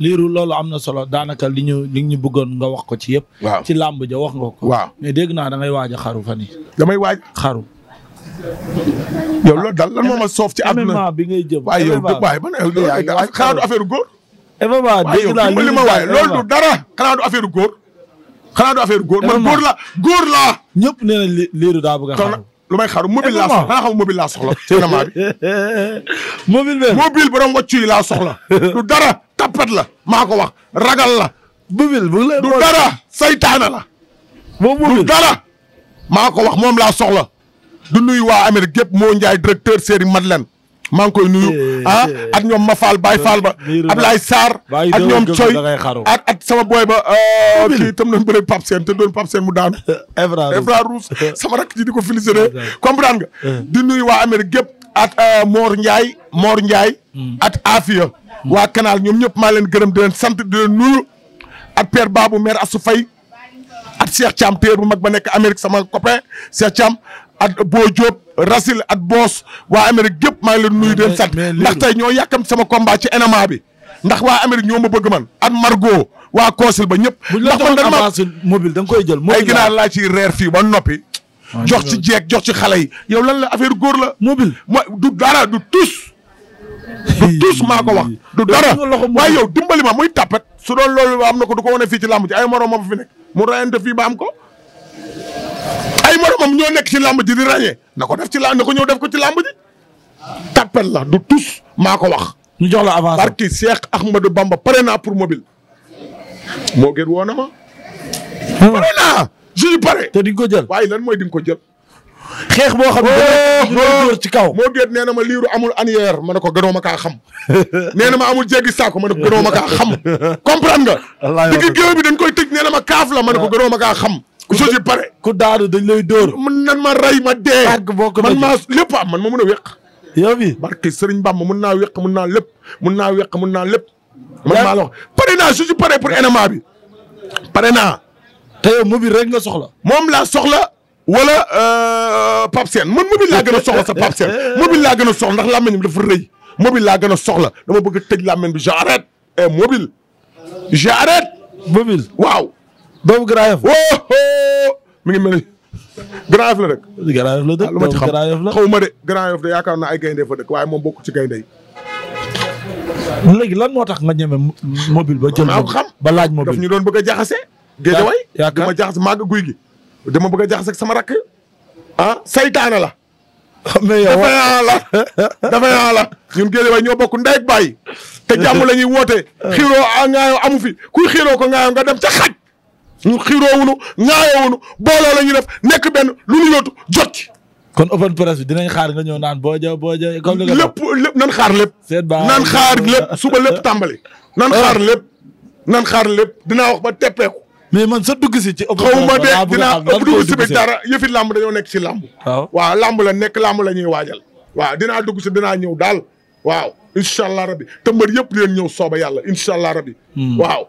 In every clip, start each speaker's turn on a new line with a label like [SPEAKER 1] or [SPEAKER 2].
[SPEAKER 1] liiru loolu am na solo daanaka li ñu li ñu bëggoon nga wax ko ci yëpp. waaw ci làmb ja wax nga ko. waaw mais dégg naa da ngay waaj a xaru fan yi damay waaj xaru. yow loolu daal lan ma soof ci am na bi ngay jëm. waaye waaye man xanaa du affaire góor. MMA dégg li ma waaye loolu du dara xanaa góor. xanaa du affaire góor man góor la góor la ñëp nee liiru daa bëgg a xaru. lu may xaru mobile laa soxla xanaa xam mobile laa soxla ci MMA laa soxla du dara. tappat la maako wax ragal la. Mobile la du dara saytaana la. du dara. maa wax moom laa soxla. du nuyu waa Amérique yëpp moo njaay directeur Serigne Madeleine maa ngi koy nuyu eh, eh, ah eh. ak ñoom Mafal Baye Fall ba Ablaye Sarr ak ñoom Coy ak ak sama booy ba euh, kii tam doon bëre Pape Sène te doon Pape Sène mu daanu Evra Rousse sama rakk ji di ko félicité comprendre nga di nuyu waa Amérique yëpp ak euh, Mor Ndiaye Mor Ndiaye hmm. ak Afia waa canal ñoom ñëpp maa leen gërëm di leen sant di leen nuyu ak père Babou maire fay Faye at Cheikh Thiam téer bu mag ba nekk Amérique sama copain Cheikh Thiam at Bo Diop Rasil at Boos waa Amérique yëpp maa ngi leen nuyu di leen sant ndax tey ñoo yàkkam sama combat ci MMA bi ndax waa Amérique ñoom ma bëgg man at margo waa Koosil ba ñëpp ndax man dañ ma mobile da koy jël ay ginaar laa ci reer fii ba noppi jox ci jeeg jox ci xale yi yow lan la affaire góor la mobile du dara du tus tous maa ko wax du dara waaye yow dimbali ma muy tàppet su doon loolu am na ko du ko wane fii ci làmb ji ay moromam fi nekk mu rayante fii ba am ko ay ñoo nekk ci làmb ji di ràññee na ko def ci làmb na ko ñëw ko ci làmb ji tàppet la du tous maa ko wax ñu jox la avance barki Cheikh Ahmadou Bamba pare naa pour mobile moo gën woon na ma hmm. pare a jui pare te ko jël waaye lan mooy di ko jël xeex boo xam ne oh, ci kaw moo déet nee na ma liiru amul aniyeer ma ne ko gënoo ma kaa xam nee na ma amul jéggi saako ma ne ko gënoo ma kaa xam comprendre nga bi dañ koy tëj nee na ma kaaf la ma ne ko ah. gënoo ma kaa xam su ci pare ku daanu dañ lay dóor mun nan ma rey ma dee man maa lépp am man ma mun a wéq yow bi barke Sëriñ Bamba mun naa wéq mun naa lépp mun naa wéq mun naa lépp man maa la pare naa su ci pare pour MMA bi pare naa te yow mu bi nga soxla moom laa soxla wala euh, Pape Sène man mobile laa gën a soxla sa Pape Sène laa gën a soxla ndax làmmeñ bi dafa rëy mobile laa gën a soxla dama bëgg a tëj làmmeñ bi j'arrête et eh, mobile j'arrête mobile waaw doomu Grand Yoff oh mi ngi mel ni Grand Yoff la rek Grand Yoff la xaw ah, ma de Grand yaakaar naa ay gayndee fa dëkk way moom bokk ci gayndey léegi lan moo tax nga ñeme mobile ba jël ba laaj mobile daf ñu doon bëgg a jaxase géejawaay dama jaxase màgg guy gi dama bëgg a jaxase ak sama rakk ah saytaane la. mais yow dafa yaa la dafa yaa ñoo bokku ndey ak baay te jàmm la ñuy woote. xiiroo amu fi kuy xiiroo ko ngaayoo nga dem ca xaj. ñu xiiroo wunu ngaayoo wunu booloo la ñuy def nekk benn lu ñu yóotu jot ci. kon open press bi dinañ xaar nga ñëw boo jë boo jë comme lépp lépp nan xaar lépp. seen nan xaar lépp suba lépp tàmbali. nan xaar ah. lépp nan xaar lépp dinaa wax ba teppeeku. mais man sa dugg si ci. xaw ma de dinaa dugg si bi dara yëfi làmb dañoo nekk si làmb. waaw waaw làmb la nekk làmb la ñuy waajal. waaw dinaa dugg si dinaa ñëw daal waaw incha allah rabi te mbër yëpp leen ñëw sooba yàlla incha allah rabi. Hmm. waaw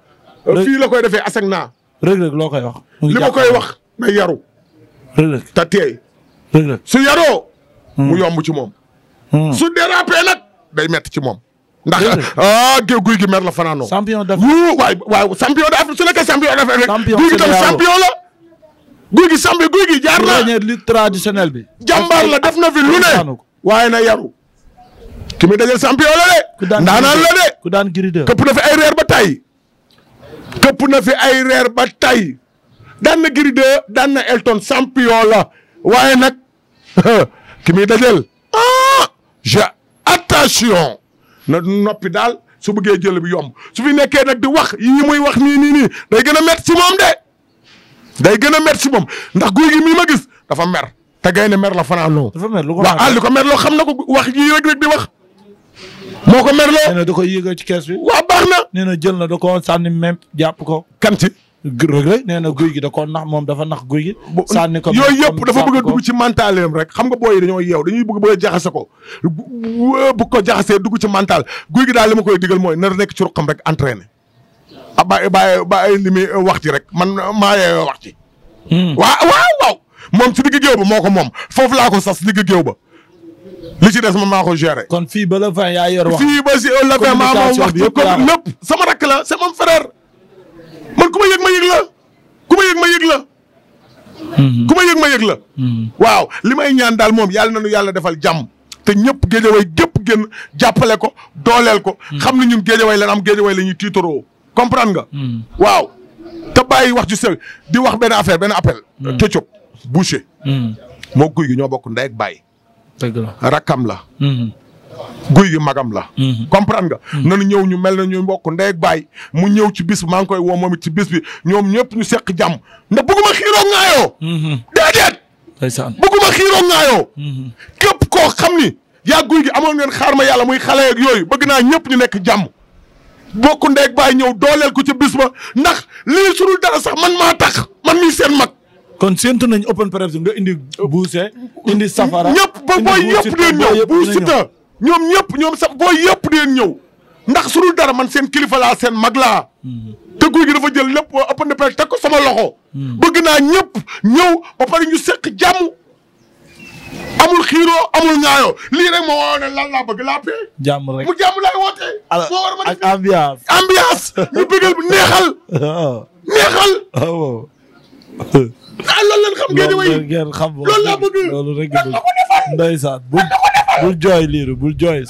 [SPEAKER 1] fii la koy defee a naa. Reug Reug loo koy wax. li ma koy wax na yaru. Reug teey. su yaroo. mu hmm. yomb ci moom. Hmm. su dérapé nag day metti ci moom. ndax ah géej guy bi. jàmbaar la na fi lu ne. waaye na yaru. ki daan ndaanaan de. ku na fi ay reer ba tay këpp na fi ay reer ba tay daan na giri daan na Elton champion la waaye nag ki muy ah j'ai attention. na noppi daal su bëggee jël bu yomb su fi nekkee nag di wax yi muy wax nii nii nii day gën a métti si moom de. day gën a métti si moom ndax guy gi mii ma gis dafa mer te gaynde mer la fanaanoo. dafa mer lu ko waaw ko mer loo xam na ko wax yii rek rek di wax. moo ko merloo nee na da koy yëgal ci kees bi. waaw baax na. nee na jël na da ko sànni même jàpp ko. kan Reug Reug nee na guy gi da ko nax moom dafa nax guy gi. sànni ko yooyu yëpp dafa bëgg a dugg ci mental rek xam nga booy yi dañoo yeew dañuy bëgg bëgg a jaxase ko bu ko jaxasee dugg ci mental guy gi daal li ma koy digal mooy na nekk ci ruqam rek entraîné. ah bàyyi bàyyi bàyyi li muy wax ci rek man maa yeewoo wax ci. Hmm. waaw waaw moom ci digg géew ba moo ko moom foofu laa ko sas digg géew ba. li ci des man maa ko géré. kon fii ba la fin yaa yor wax. fii ba si la fin maa moom wax ci comme ku ma yëg ma yëg la ku ma yëg ma yëg la. Mm-hmm. la. Mm-hmm. waaw li may ñaan daal moom yàlla na nu yàlla defal jàmm. te ñëpp géejawaay gépp génn jàppale ko dooleel ko. Mm-hmm. xam na ñun géejawaay lan am géejawaay la ñuy tiitaroo comprendre nga. waaw te bàyyi wax ci sew di wax benn affaire benn appel. Ketchup Boucher. moo guy gi ñoo bokk ndey baay bàyyi. la. guy gi magam la. Mhm. comprendre nga. Mhm. nanu ñëw ñu mel na ñu mbokk ndey ak baay mu ñëw ci bis bi maa ngi koy woo ci bis bi ñoom ñëpp ñu seq jàmm ndax bëgguma xiiroo ŋaayoo. Mhm. déedéet. ndeysaan bëgguma xiiroo xam ni yaa guy gi amoon ngeen xaar ma yàlla muy xale ak yooyu bëgg naa ñëpp ñu nekk jàmm. bokku ndey ak baay ñëw dooleel ko ci bis ba ndax lii sunu dara sax man maa tax man mii seen mag. kon séntu nañ open presse nga indi. buuse indi ñëpp ba booy ñëpp di ñëw buusita ñoom ñëpp ñoom sax booy yëpp deen ñëw ndax su dara man seen kilifa seen mag laa mm-hmm. te guy gi dafa jël lépp ëpp na teg ko sama loxo. Mm-hmm. bëgg naa ñëpp ñëw ba pare ñu seq jàmm. amul xiiroo amul ñaayoo lii rek moo woo ne lan laa bëgg laa pee. jàmm rek mu jàmm laay wootee. moo ñu bëggal neexal. Oh. neexal. Ah, waaw. ah loolu lañ xam loolu ngeen xam rek nga bëgg. ndeysaan bul jooy liiru bul jooy.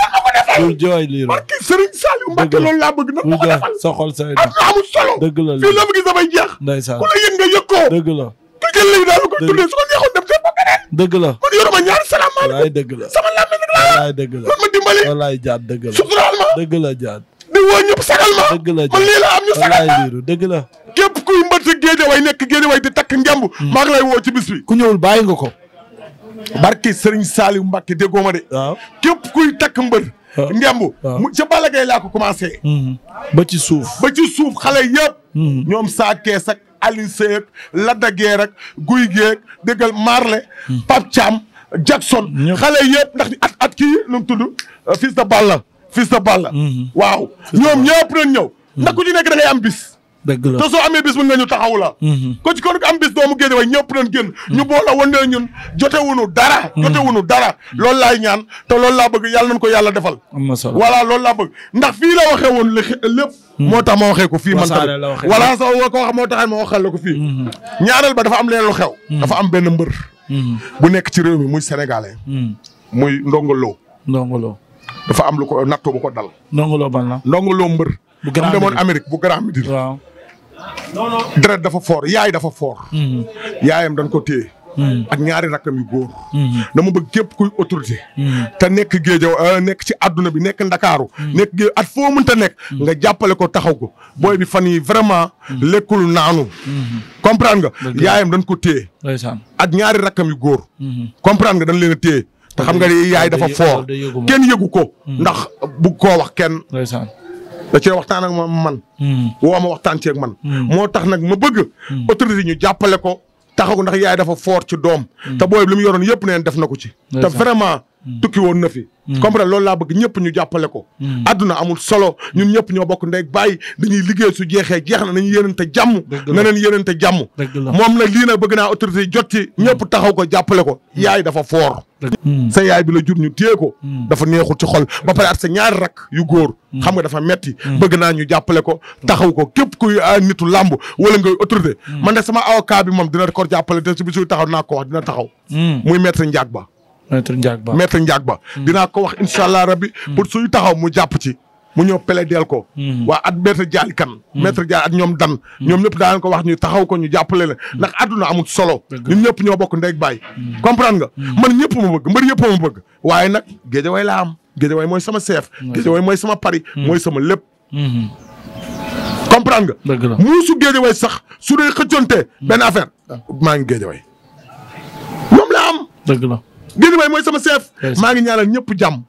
[SPEAKER 1] bul jooy liiru. parce que Serigne Saliou Mbacke loolu laa bëgg. bul jooy sa xol say na amul solo. dëgg la fii la mu gis damay jeex. ndeysaan ku la yëg nga yëg ko. dëgg la. te jël léegi daal ko tuddee su ko neexoon dem seen bopp beneen. dëgg la kon yoruma ñaari salaamaaleykum. wallaay dëgg la sama lambe nag laa. wallaay dëgg la ma dimbali. wallaay jaat dëgg la suturaal ma. dëgg la jaat. di woo ñëpp sagal ma. dëgg la jaat man lii la am ñu sagal ma. liiru dëgg la. képp kuy mbëtt géejawaay nekk géejawaay di takk ngemb. Hmm. maa ngi lay woo ci bis bi. ku ñëwul bàyyi nga ko barke Serigne Saliou Mbacke déggoo ma de. képp kuy takk mbër. ngemb mu ca Balla Gaye laa ko commencé. Mhm. ba ci suuf ba ci suuf xale yëpp. Mhm. ñoom saa kees ak Aliou Seye ak Lada Guère ak Guy Guèye déggal Marley. Mhm. Pape Thiam Jackson. xale yëpp ndax at at kii nu mu tudd euh, fils de Balla fils de Balla. waaw ñoom ñëpp ren ñëw. ndax ku ci nekk da ngay am bis. dëgg la te soo amee bis bu nga ñu taxaw la mhm. ko ci kon am bis doomu géej way ñëpp nañ génn ñu mhm. boole woon ne ñun jotewuñu dara mhm. jotewuñu dara loolu laay ñaan te lool laa bëgg yàlla na ko yàlla defal voilà loolu laa bëgg ndax fii la waxee woon lépp moo tax ma waxee ko fii man tamit voilà sa ko wax moo tax ma waxal la ko fii ñaareel ba dafa am leen lu xew dafa am benn mbër bu nekk ci réew mi muy sénégalais muy ndongoloo ndongoloo dafa am lu ko nattoo bu ko dal ndongoloo ban la ndongoloo mbër bu demoon Amérique bu Grand Médine waaw deret dafa foor yaay dafa foor mm-hmm. yaayam dañ ko téye mm-hmm. ak ñaari rakkam yu góor mm-hmm. dama bëgg képp ku autorité te nekk géejaw euh, nekk ci àdduna bi nekk ndakaaru nekk géej at foo mën mënta nekk nga jàppale ko taxaw ko booy bi fan yi vraiment lekkul naanu comprendre nga yaayam dañ ko téye ak ñaari rakkam yu góor comprendre nga dañ leen a téye te xam nga yaay dafa foor kenn yëgu ko ndax bugg koo wax kenn da cee waxtaan ak moom man. Hmm. woo ma waxtaan cee man. Hmm. moo tax nag ma bëgg. Hmm. autorité ñu jàppale ko taxaw ndax yaay dafa foor ci doom. te booy bi li mu yoroon yëpp neen def na ko ci. te vraiment Hmm. tukki woon na fi. Hmm. comprendre loolu laa bëgg ñëpp ñu jàppale ko. Hmm. àdduna amul solo ñun ñëpp ñoo bokk ndey bàyyi dañuy liggéey su jeexee jeex na na nañu yéenante jàmm. na leen yéenante jàmm. moom nag lii na bëgg naa autorité yi jot ci ñëpp taxaw ko jàppale ko. yaay dafa foor. sa yaay bi la jur ñu téye ko. dafa neexul ci xol ba pare at sa ñaari rak yu góor. xam nga dafa metti bëgg naa ñu jàppale ko. taxaw ko képp ku ah, nitu làmb wala ngay autorité. man de sama avocat bi moom dina ko jàppale te su bisu taxaw naa ko wax dina taxaw. muy maître Ndiack Ba maître Ndiak Ba maître Ndiak Ba. Hmm. dinaa ko wax incha allah rabbi hmm. pour suy taxaw mu jàpp ci. mu ñoo ñëw plaideel ko. Hmm. waa at maître Diagne kan. maître Diagne ak ñoom dan. ñoom ñëpp daan ko wax ñu taxaw ko ñu jàppale la ndax àdduna amul solo. ñun ñëpp ñoo bokk ndeg bàyyi. comprendre nga. man ñëpp ma bëgg mbër yëpp ma bëgg. waaye nag géejawaay laa am géejawaay mooy sama chef. géejawaay mooy sama pari. mooy sama lépp. comprendre nga. dëgg la muusu géejawaay sax su dee xëccoonte benn affaire ah. maa ngi géejawaay moom laa am. dëgg Guédiawaye mooy sama chef. maa ngi ñaanal ñëpp jàmm.